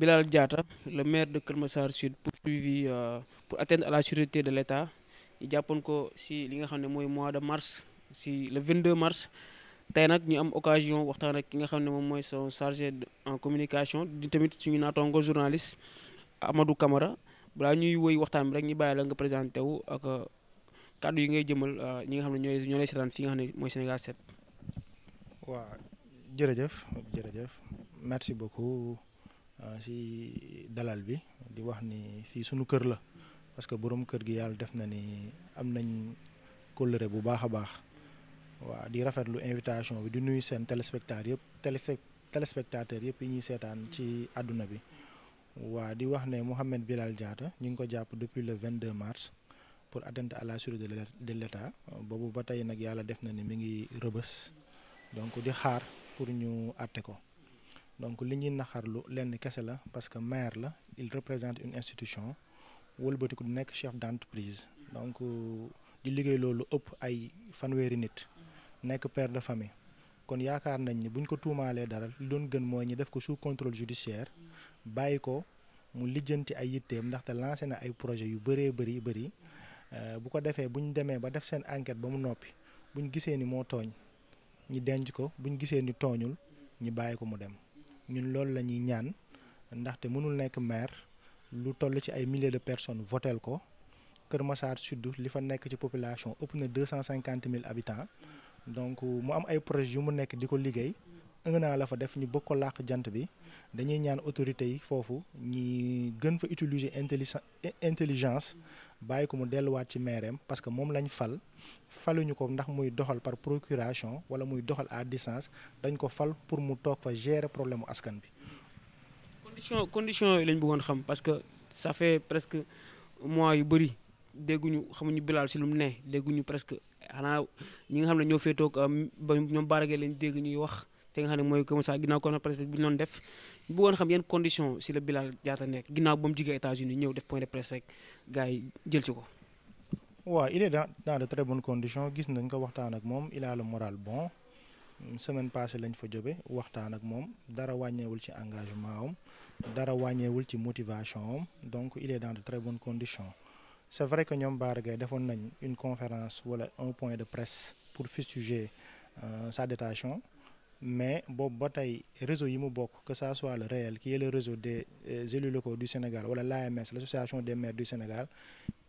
Bilal Diatta le maire de Keur Massar Sud poursuivi euh, pour atteindre à la sûreté de l'État ñu jàppoon ko si li nga xam ne mooy mois de mars si le 22 mars tey nag ñu am occasion waxtaan ak ki nga xam ne moom mooy son chargé en communication di tamit suñu naataango journaliste Amadou Camara balaa ñuy woy waxtaan bi rek ñi bàyyi la nga présenté wu ak euh, kàddu yi ngay jëmal euh, ñi nga xam ne ñooy ñoo lay seetaan fi nga xam ne mooy Sénégal 7. waaw jërëjëf jërëjëf beaucoup. Euh, si dalal bi di wax ni fii sunu kër la parce que borom kër gi yàlla def na ni am nañ kóllëre bu baax a baax waa di rafetlu invitation bi di nuyu seen téléspectateur yëpp téléspectateur yëpp yi ñuy seetaan ci àdduna bi waa di wax ne Mouhamed Bilal jaata ñu ngi ko jàpp depuis le 22 mars pour atteinte à la sûreté de l'État boobu ba tey nag yàlla def na ni mu ngi rëbës donc di xaar pour ñu àtte ko donc li ñuy naxarlu lenn kese la parce que maire la il représente une institution wëlbatiku di nekk chef d'entreprise donc di liggéey loolu ëpp ay fanweeri nit nekk père de famille kon yaakaar nañ ni buñ ko tuumaalee dara li doon gën mooy ñi def ko sous contrôle judiciaire bàyyi ko mu lijjanti ay yitteem ndaxte lancé na ay projet yu baree bëri bëri euh, bu ko defee buñ demee ba def seen enquête ba mu noppi buñ gisee ni moo tooñ ñi denc ko buñ gisee ni tooñul ñi bàyyi ko mu dem ñun loolu la ñuy ñaan ndaxte mënul nekk maire lu toll ci ay milliers de personnes votel ko Kër Massar Sud li fa nekk ci population ëpp na deux cent cinquante mille habitants donc mu am ay projet yu mu nekk di ko liggéey. un an la fa def ñu bëgg ko làq jant bi dañuy ñaan autorité yi foofu ñi gën fa utiliser intelligence bàyyi ko mu delluwaat ci maireem parce que moom lañ fal faluñu ko ndax muy doxal par procuration wala muy doxal à distance dañ ko fal pour mu toog fa gere problème askan bi. condition condition yi lañ bëggoon xam parce que ça fait presque mois yu bëri dégguñu xamuñu Bilal si lu mu ne dégguñu presque xanaa ñi nga xam ne ñoo féetoo euh, ba ñoom baaragee lañ dégg ñuy wax. te nga xam ne mooy Kër Moussa ginnaaw conférence presse bi ñu doon def ñu bëggoon xam yan condition si la Bilal Diatta nekk ginnaaw ba mu jugee États-Unis ñëw def point de presse rek gars yi jël ko. waaw il est dans dans de très bonnes conditions gis nañ ko waxtaan ak moom il a le moral bon semaine passée lañ fa jobee waxtaan ak moom dara wàññeewul ci engagement am dara wàññeewul ci motivation donc il est dans de très bon condition c'est vrai que ñoom Bara Gaye defoon nañ une conférence wala un point de presse pour fustiger euh, sa détention. mais boobu ba tey réseau yi mu bokk que ça soit le réel qui est le réseau de euh, élus locaux du Sénégal wala la l'association des maire du Sénégal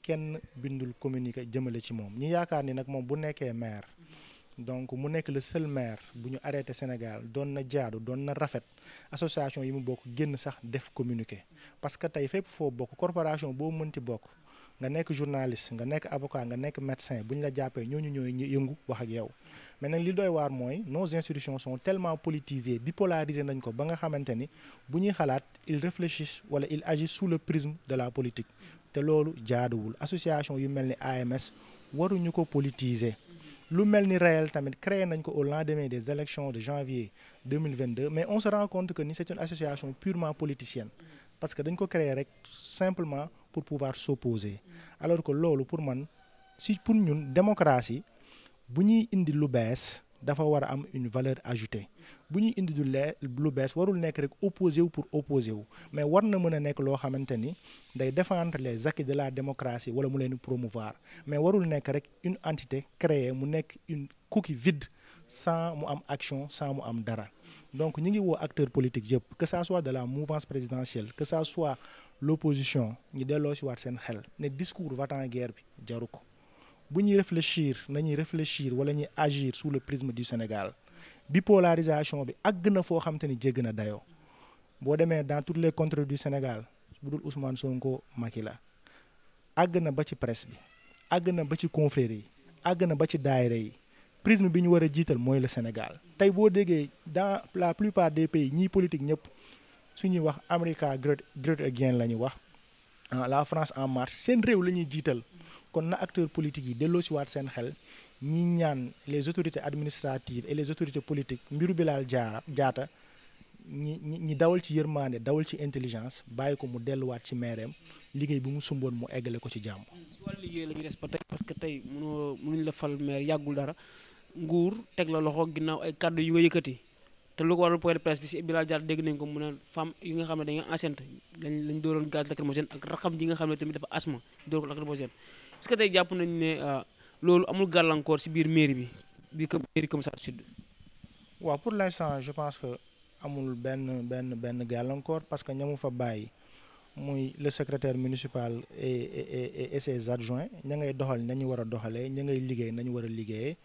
kenn bindul communiqué jëmale ci moom ñi yaakaar ni nag moom bu nekkee maire donc mu nekk le seul maire bu ñu arrêté Sénégal doon na jaadu doon na rafet association yi mu bokk génn sax def communiqué parce que tey fépp foo bokk corporation boo mënti bokk nga nekk journaliste nga nekk avocat nga nekk médecin bu ñu la jàppee ñooñu ñooy yëngu wax ak yow mais nag li doy waar mooy nos institutions sont tellement bi bipolarisées nañ ko ba nga xamante ni bu ñuy xalaat ils réfléchissent wala ils agissent sous le prisme de la politique te loolu jaaduwul association yu mel ni AMS waruñu ko politiser lu mel ni réel tamit créé nañ ko au lendemain des élections de janvier 2022 mais on se rend compte ni c'est parce que dañ ko créer rek simplement pour pouvoir s'opposer alors que loolu pour man si pour ñun démocratie bu ñuy indi lu bees dafa war a am une valeur ajouté bu ñuy indi lu lee lu bees warul nekk rek opposé wu pour opposé wu mais war na mën a nekk loo xamante ni day défendre les acquis de la démocratie wala mu leen promouvoir mais warul nekk rek une entité créer mu nekk une coquille vide sans mu am action sans mu am dara donc ñu ngi woo acteurs politiques yëpp que ça soit de la mouvance présidentielle que ça soit l'opposition ñu delloo si waat seen xel ne discours va t bi jaru ko bu ñuy réfléchir nañuy réfléchir wala ñuy agir sous le prisme du Sénégal bipolarisation bi àgg na foo xam ni jégg na dayoo boo demee dans toutes les contres du Sénégal bu dul Ousmane Sonko Macky la àgg na ba ci presse bi àgg na ba ci confrérie yi àgg na ba ci daayira yi prisme bi ñu war jiital mooy le Sénégal tey boo déggee dans la plupart des pays ñii politique ñëpp su ñuy wax America Great Great Again la ñuy wax ah, la France en marche seen réew la ñuy jiital kon na acteurs politiques yi delloo si waat seen xel ñi ñaan les autorités administratives et les autorités politiques mbiru Bilal Jaara Jaata ñi ñi dawal ci yërmaande dawal ci intelligence bàyyi ko mu delluwaat ci meereem liggéey bi mu sumboon mu eggale ko ci jàmm. que tey mënoo la fal maire yàggul dara. nguur teg la loxo ginnaaw ay kàddu yu nga yëkkati te lu ko waral point de presse bi si Bilal Diatta dégg nañ ko mu a femme yi nga xam ne dañoo enceinte lañ lañ dooroon gaz lacrymogène ak raxam ji nga xam ne tamit dafa asma door ko lacrymogène est-ce que tey jàpp nañ ne euh, loolu amul gàllankoor si biir mairie bi biir mairie Keur Massar Sud waaw pour l'instant je pense que amul benn benn benn gàllankoor parce que ñamu fa bàyyi muy le secrétaire municipal et et et ses ña ngay doxal nañu war a doxalee ña ngay liggéey nañu war a liggéeyee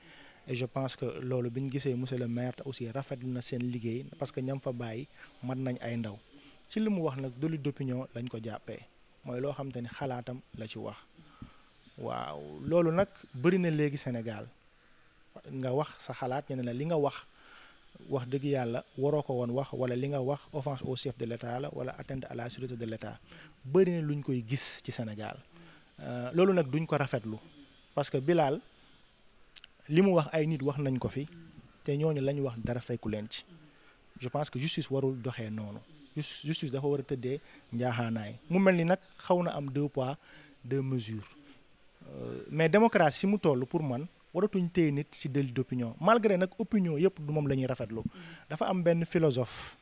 et je pense que loolu bi ñu gisee monsieur le maire aussi rafetlu na seen liggéey parce que ñam fa bàyyi mën nañ ay ndaw ci li mu wax nag délit d'opinion lañ ko jàppee mooy loo xam ni xalaatam la ci wax waaw loolu nag bëri na léegi Sénégal nga wax sa xalaat ñu ne la li nga wax wax dëgg yàlla waroo ko woon wax wala li nga wax offense au chef de l'État la wala atteinte à la sûreté de l'État bëri na luñ koy gis ci Sénégal euh, loolu nag duñ ko rafetlu parce que li mu wax ay nit wax nañ ko fi te ñooñu la ñu wax dara fekku leen ci je pense que justice warul doxee noonu justice dafa war a tëddee njaaxaanaay mu mel ni nag xaw na am deux pois deux mesures euh, mais démocratie fi mu toll pour man waratuñ téye nit ci délit d'opinion malgré nag opinion yëpp du moom la ñuy rafetlu dafa am benn philosophe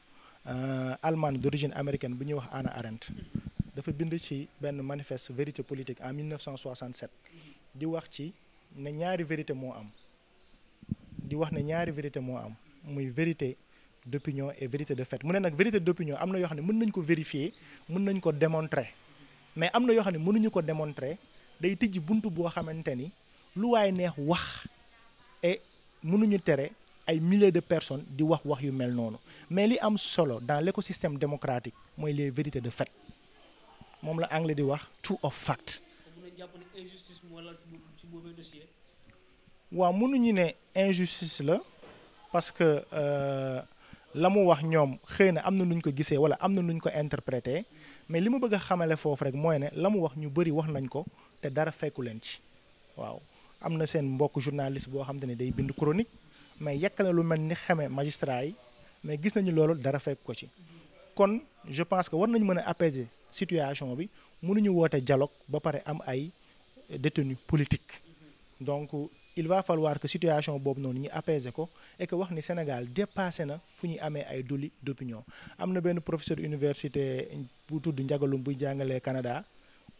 euh, allemand d'origine américaine bu ñuy wax Anna Arendt dafa bind ci benn manifeste vérité politique en 1967 di wax ci ne ñaari vérité moo am di wax ne ñaari vérité moo am muy vérité d'opinion et vérité de fait mu ne nag vérité d'opinion am na yoo xam ne mën nañ ko vérifier mën nañ ko démontrer mais am na yoo xam ne mënuñu ko démontrer day tijji buntu boo xamante ni lu waaye neex wax et mënuñu tere ay milliers de personnes di wax wax yu mel noonu mais li am solo dans l'écosystème démocratique mooy les vérités de fait moom la anglais di wax true of fact ngeen jàpp ne injustice moo lal si si waaw mënuñu ne injustice la parce que euh, la mu wax ñoom xëy na am na nuñ ko gisee wala am na nuñ ko interprété mais li ma bëgg a xamale foofu rek mooy ne la mu wax ñu bëri wax nañ ko te dara fekku leen ci waaw am na seen mbokk journaliste boo xam ne day bind chronique mais yekkale lu mel ni xamee magistrat yi mais gis nañu loolu dara fekk ko ci kon je pense que war nañu mën a apaiser situation bi mënuñu woote dialogue ba pare am ay détenus politique donc il va falloir que situation boobu noonu ñu apaiser ko et que wax ni Sénégal dépassé na fu ñu amee ay doli d'opinion am na benn professeur université bu tudd Ndiagalum buy jàngalee Canada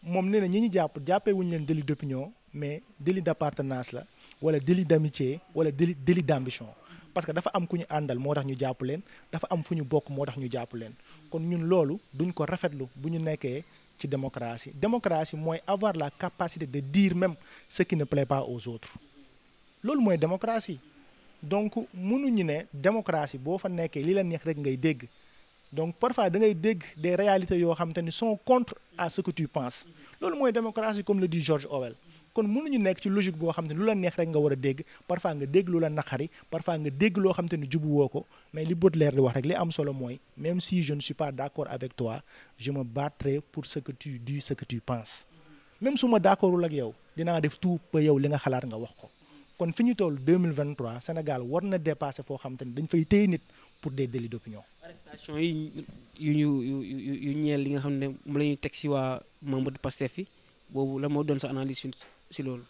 moom nee na ñi ñu jàpp jàppee wuñu leen délit d'opinion mais délit d'appartenance la wala délit d'amitié wala délit délit d'ambition parce que dafa am ku ñu àndal moo tax ñu jàpp leen dafa am fu ñu bokk moo tax ñu jàpp leen kon ñun loolu duñ ko rafetlu bu ñu nekkee ci démocratie démocratie mooy avoir la capacité de dire même ce qui ne plaît pas aux autres loolu mooy démocratie donc mënuñu ne démocratie boo fa nekkee li la neex rek ngay dégg donc parfois da ngay dégg des réalités yoo xam te ni sont contre à ce que tu penses loolu mooy démocratie comme le dit George Orwell kon mënuñu nekk ci logique boo xam ne lu la neex rek nga war a dégg parfois nga dégg lu la naqari parfois nga dégg loo xam te ne jubu woo ko mais li Baudelaire di wax rek li am solo mooy même si je ne suis pas d'accord avec toi je me battrai pour ce que tu dis ce tu penses même suma ma d'accordul ak yow dinaa def tout ba yow li nga xalaat nga wax ko kon fi ñu toll 2023 Sénégal war na dépasser foo xam te ne dañ fay téye nit pour des délits d'opinion. arrestation yi yu ñu yu li nga xam ne mu la ñuy teg si waa membre de Pastef yi boobu la moo doon sa analyse si loolu.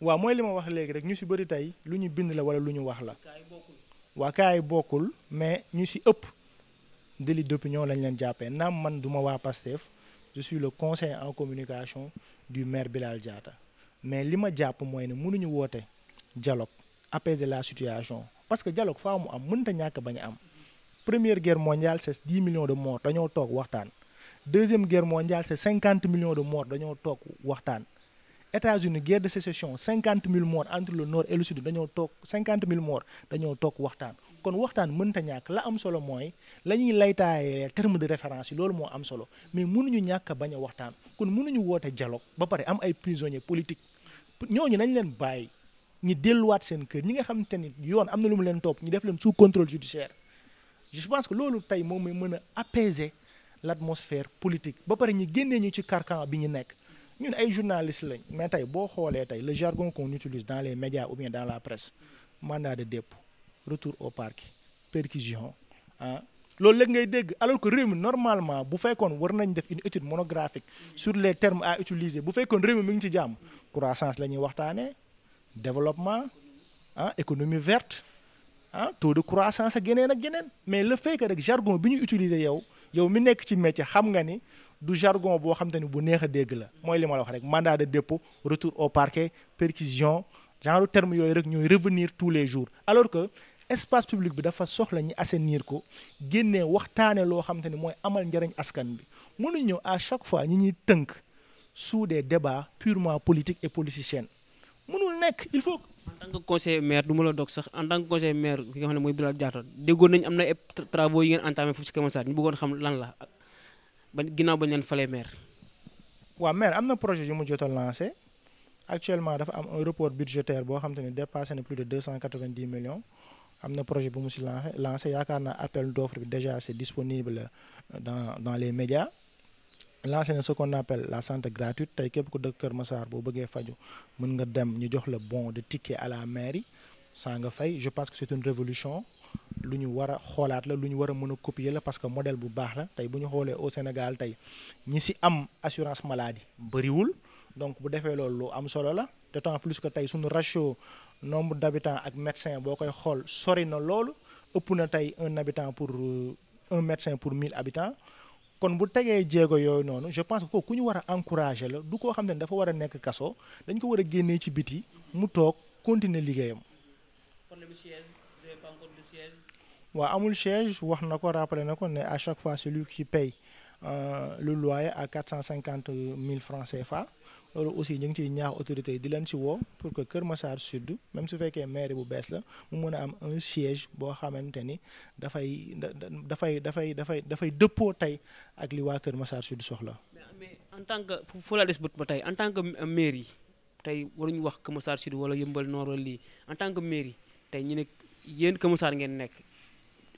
waaw mooy li ma wax léegi rek ñu si bëri tey lu ñu bind la wala lu ñu wax la. waa kaay bokkul mais ñu si ëpp délit d'opinion lañ leen jàppee naam man duma waa Pastef je le conseiller en communication du maire Bilal jaata mais li ma jàpp mooy ne mënuñu woote dialogue apaiser la situation parce que dialogue faa mu am mënta ñàkk bañ am première guerre mondiale c'est dix millions de morts dañoo toog waxtaan deuxième guerre mondiale c'est cinquante millions de morts dañoo toog waxtaan États-Unis guerre de sécession cinquante mille morts entre le nord et le sud dañoo toog cinquante mille morts dañoo toog waxtaan kon waxtaan mënta ñàkk la am solo mooy la ñuy laytaayee terme de référence yi loolu moo am solo mais mënuñu ñàkk a bañ waxtaan kon mënuñu woote dialogue ba pare am ay prisonniers politiques ñooñu nañ leen bàyyi ñi delluwaat seen kër ñi nga xamante ni yoon am na lu mu leen topp ñu def leen sous contrôle judiciaire je pense que loolu tey moom mooy mën a apaiser l'atmosphère politique ba pare ñi génnee ñu ci carcan bi ñu nekk ñu ne ay journaliste lañ mais tey boo xoolee tey le jargon qu'on utilise dans les médias ou bien dans la presse mandat de dépôt retour au parquet perquisition ah loolu léegi ngay dégg alors que réew mi normalement bu fekkoon war nañ def une étude monographique sur les termes à utiliser bu fekkoon réew mi mi ngi ci jàmm croissance la ñuy waxtaanee développement ah économie verte ah taux de croissance ak yeneen a yeneen mais le fait rek jargon bi ñu utiliser yow yow mi nekk ci métier xam nga ni du jargon boo xam ni bu neex a dégg la mooy li ma wax rek mandat de dépôt retour au parquet perquisition genre terme yooyu rek ñooy revenir tous les jours alors que espace public bi dafa soxla ñi assainir ko génnee waxtaane loo xam te mooy amal njariñ askan bi mënuñ ñëw à chaque fois ñi ñuy tënk sous des débats purement politiques et politiciens mënul nekk il faut en tant que conseiller maire du ma la dog sax en tant que maire ki nga xam ne mooy Bilal Diatta lan la ba ginnaaw ba ñu leen falee maire. waaw maire am na projet yu mu jot a actuellement dafa am un budgétaire boo xam te ne dépassé na plus de deux cent quatre vingt dix millions am na projet bu mu si lancé lancé yaakaar na appel d'offre bi déjà c'est disponible euh, dans dans les médias. lancé na ce kon appel la santé gratuite tey képp ku dëkk Kër Massar boo bëggee faju mën nga dem ñu jox la bon de ticket à la mairie sans nga fay je pense que c'est une révolution lu ñu war a xoolaat la lu ñu war a mën a copier la parce que modèle bu baax la tey bu ñu xoolee au Sénégal tey ñi si am assurance maladie bëriwul donc bu defee loolu lu am solo la d'autant plus que tey suñu ratio nombre d'habitants ak médecin boo koy xool sori na loolu ëpp na tey un habitant pour euh, un médecin pour mille habitants kon bu tegee jéego yooyu noonu je pense que ku ñu war a encourager la du koo xam ne dafa war a nekk kaso dañ ko war a génnee ci biti mu toog continuer liggéeyam waaw amul siège wax na ko rappelé na ko ne à chaque fois celui qui paye euh, le loyer à quatre cent cinquante mille francais fa loolu aussi ñu ngi ciy ñaax autorités yi di leen ci woo pour que Kër Massar Sud même su fekkee maire bu bees la mu mën a am un siège boo xamante ni dafay dafay dafay dafay dafay dëppoo tey ak li waa Kër Massar Sud soxla. mais en tant que foo la des ba tey en tant que maire yi tey waruñu wax Kër Massar Sud wala Yëmbal Nord lii en tant que maire yi yéen Kër Massar ngeen nekk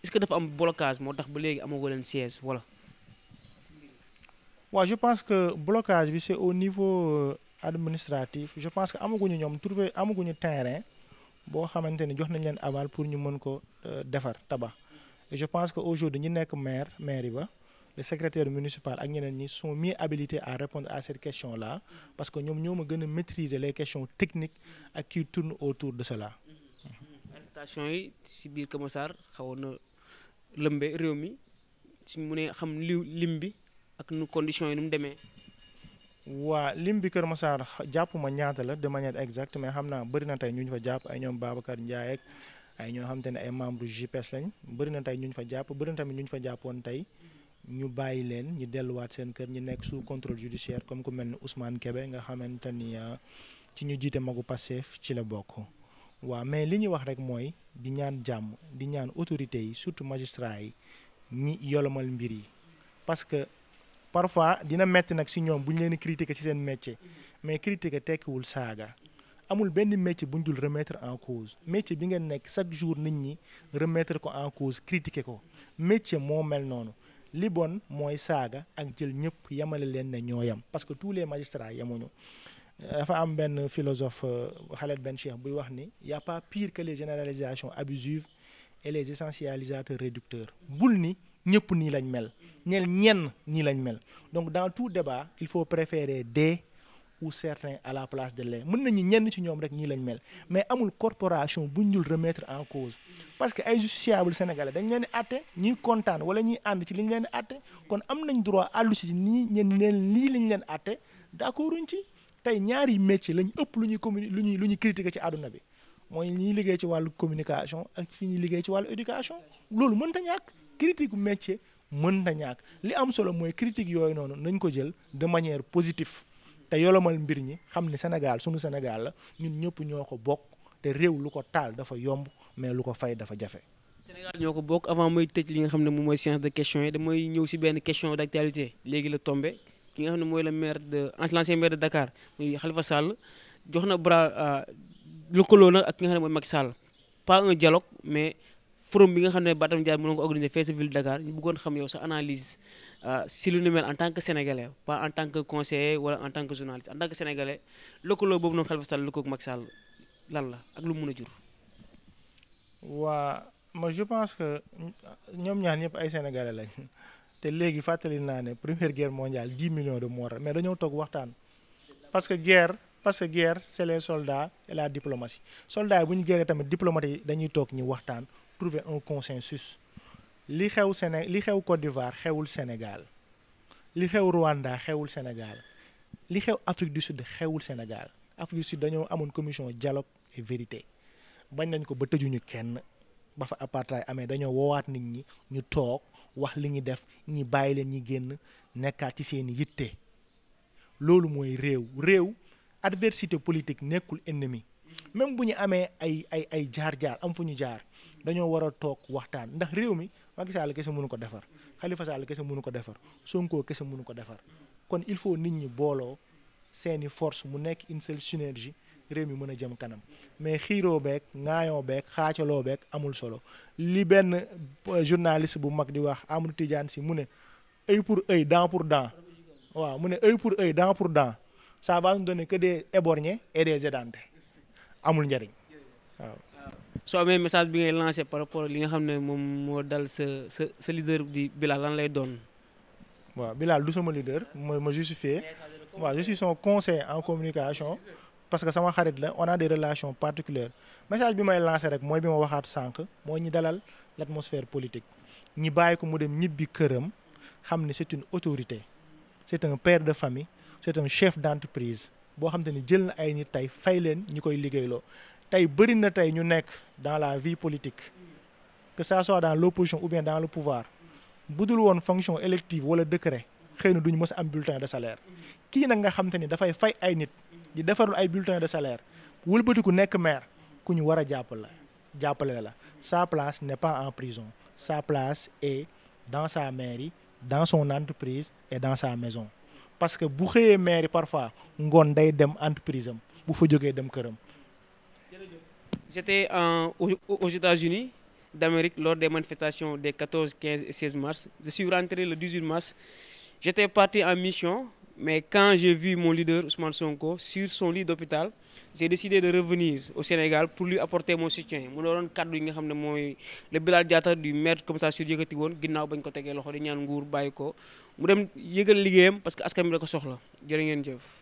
est que dafa am blocage moo tax ba léegi amagoo leen siège wala. waaw je pense que blocage bi c'est au niveau euh, administratif je pense que amaguñu ñoom trouver amaguñu terrain boo xamante ne jox nañ leen aval pour ñu mën ko euh, defar tabax je pense que aujourd'hui ñu nekk maire maire yi ba le secrétaire municipal ak ñeneen ñi son mieux habilités à répondre à cette question là parce que ñoom ñoo ma gën a maîtriser les questions techniques ak qui tournent autour de cela manifestation yi si biir Kër Massar na lëmbe réew mi suñ mu ne xam li lim bi ak nu condition yi nu mu demee. waa lim bi Kër Massar jàpp ma ñaata la de manière xam naa bëri na tey ñu ñu fa jàpp ay ñoom Babacar Ndiaye ak ay ne ay membres GPS lañ bëri na tey ñu ñu fa jàpp bëri tamit ñu ñu fa jàppoon tey ñu bàyyi leen ñu delluwaat seen kër ñu nekk sous contrôle judiciaire comme ku mel ni Ousmane Kébé nga xamante ni ah, ci ñu jiite magu Pastef ci la bokk. waaw mais li ñuy wax rek mooy di ñaan jàmm di ñaan autorités yi surtout magistrats yi ñi yolomal mbir yi parce que parfois dina metti nag si ñoom bu ñu leen critiquer si seen métier mais critiquer tekkiwul saaga amul benn métier bu ñu jul remettre en cause métier bi ngeen nekk chaque jour nit ñi remettre ko en cause critiquer ko métier moo mel noonu li bon mooy saaga ak jël ñëpp yemale leen na ñoo yam parce que tous les magistrats yemuñu dafa am benn philosophe euh, Khaled Ben Cheikh buy wax ni y' a pas pire que les généralisations abusives et les essentialisateurs réducteurs bul ni ñëpp nii lañ mel ñel ñenn nii lañ mel donc dans tout débat il faut préférer des ou certains à la place de les mën nañu ñenn ci ñoom rek ñii lañ mel mais amul corporation buñ dul remetre en cause parce que ay justiciable sénégalais dañ leen di àtte ñuy kontaan wala ñuy ànd ci li ñu leen di kon am nañ droit àllu nii ñeen leen lañ leen àtte d'accord uñ ci tey ñaari métier lañ ëpp lu ñuy communi lu ñuy lu ñuy critiquer ci àdduna bi mooy ñi liggéey ci wàllu communication ak fi ñuy liggéey ci wàllu éducation loolu mën ta ñàkk critique métier mën ta ñàkk li am solo mooy critique yooyu noonu nañ ko jël de manière positif te yolomal mbir ñi xam ne Sénégal sunu Sénégal la ñun ñëpp ñoo ko bokk te réew lu ko taal dafa yomb mais lu ko fay dafa jafe. Sénégal ñoo ko bokk avant mooy tëj li nga xam ne moom mooy séance de questions yi damay ñëw si benn question d'actualité léegi la tombe ki nga xam ne mooy le maire de l'ancien maire de Dakar muy Khalifa Sall jox na bras euh, lëkkaloo na ak ki nga xam ne mooy Macky Sall pas un dialogue mais forum bi nga xam ne Barthélémy Dias mënoon ko organiser fee sa ville de Dakar ñu bëggoon xam yow sa analyse euh, si lu ni mel en tant que sénégalais pas en tant que conseiller wala en tant que journaliste en tant que sénégalais lëkkaloo boobu noonu Khalifa Sall lëkkaloo ak Macky lan la ak lu mu a jur. waa ma je pense que ñoom ñaar ñëpp ay sénégalais te léegi fàttali naa ne première guerre mondiale dix millions de morts mais dañoo toog waxtaan parce que guerre parce que guerre c'est les soldats et la diplomatie soldats yi bu ñu guerree tamit diplomate dañuy toog ñu waxtaan trouver un consensus li xew Séné li xew Côte d'Ivoire xewul senegal li xew Rwanda xewul Sénégal li xew Afrique du Sud xewul Sénégal Afrique du Sud dañoo amoon commission dialogue et vérité bañ nañ ko ba tëjuñu kenn ba fa apartheid amee dañoo woowaat nit ñi ñu toog wax li ñu def ñi bàyyi leen ñi génn nekkaat ci seen yitte loolu mooy réew réew adversité politique nekkul ennemi même bu ñu amee ay ay ay jaar-jaar am fu ñu jaar dañoo war a toog waxtaan ndax réew mi Macky Sall kese mënu ko defar Khalifa Sall kese mënu ko defar Sonko kese mënu ko defar kon il faut nit ñi booloo seeni force mu nekk une seule réew mi mën a jëm kanam mais xiiro beeg ŋaayoo beeg xaacaloo beeg amul solo li benn euh, journaliste bu mag di wax amul Tidiane si mu ne ay pour ay dent pour dent waaw mu ne œil pour ay dent pour dent ça va nous donner que amul njariñ waaw. soo amee message bi ngay lancé par rapport li nga xam ne moom moo dal sa sa sa leader di Bilal lan lay doon. waaw Bilal du sama leader mooy ma justifié waaw je son conseiller en communication parce que sama xarit la on a des relations particulières message bi may lancé rek mooy bi ma waxaat sànq moo ñi dalal l'atmosphère politique ñi bàyyi ko mu dem ñibbi këram xam ne c'est une autorité c'est un père de famille c'est un chef d'entreprise boo xam te jël na ay nit tey fay leen ñi koy liggéeyloo tey bëri na tey ñu nekk dans la vie politique que ça soit dans l'opposition ou bien dans le pouvoir bu dul woon fonction élective wala décret xëy na duñ mës a am bulletin de salaire kii nag nga xam ni dafay fay ay nit di defarul ay bulletin de salaire ku nekk maire ku ñu war a jàppale la jàppale la sa place n'est pas en prison sa place et dans sa mairie dans son entreprise et dans sa maison parce que bu xëyee mairie parfois ngoon day dem entreprise am bu fa jógee dem këram. J'étais en, aux, aux États-Unis d'Amérique lors des manifestations de 14, 15 et 16 mars. Je suis rentré le mars. J'étais parti en mission, mais quand j'ai vu mon leader Ousmane Sonko sur son lit d'hôpital, j'ai décidé de revenir au Sénégal pour lui apporter mon soutien mu doon kaddu yi nga xam ne mooy le Bilal jaata du maître comme ça sur yëkkati woon ginnaaw bañ ko tegee loxo di ñaan nguur bàyyi ko mu dem yëgal liggéeyam parce que askan bi da ko soxla jërë ngeen jëf.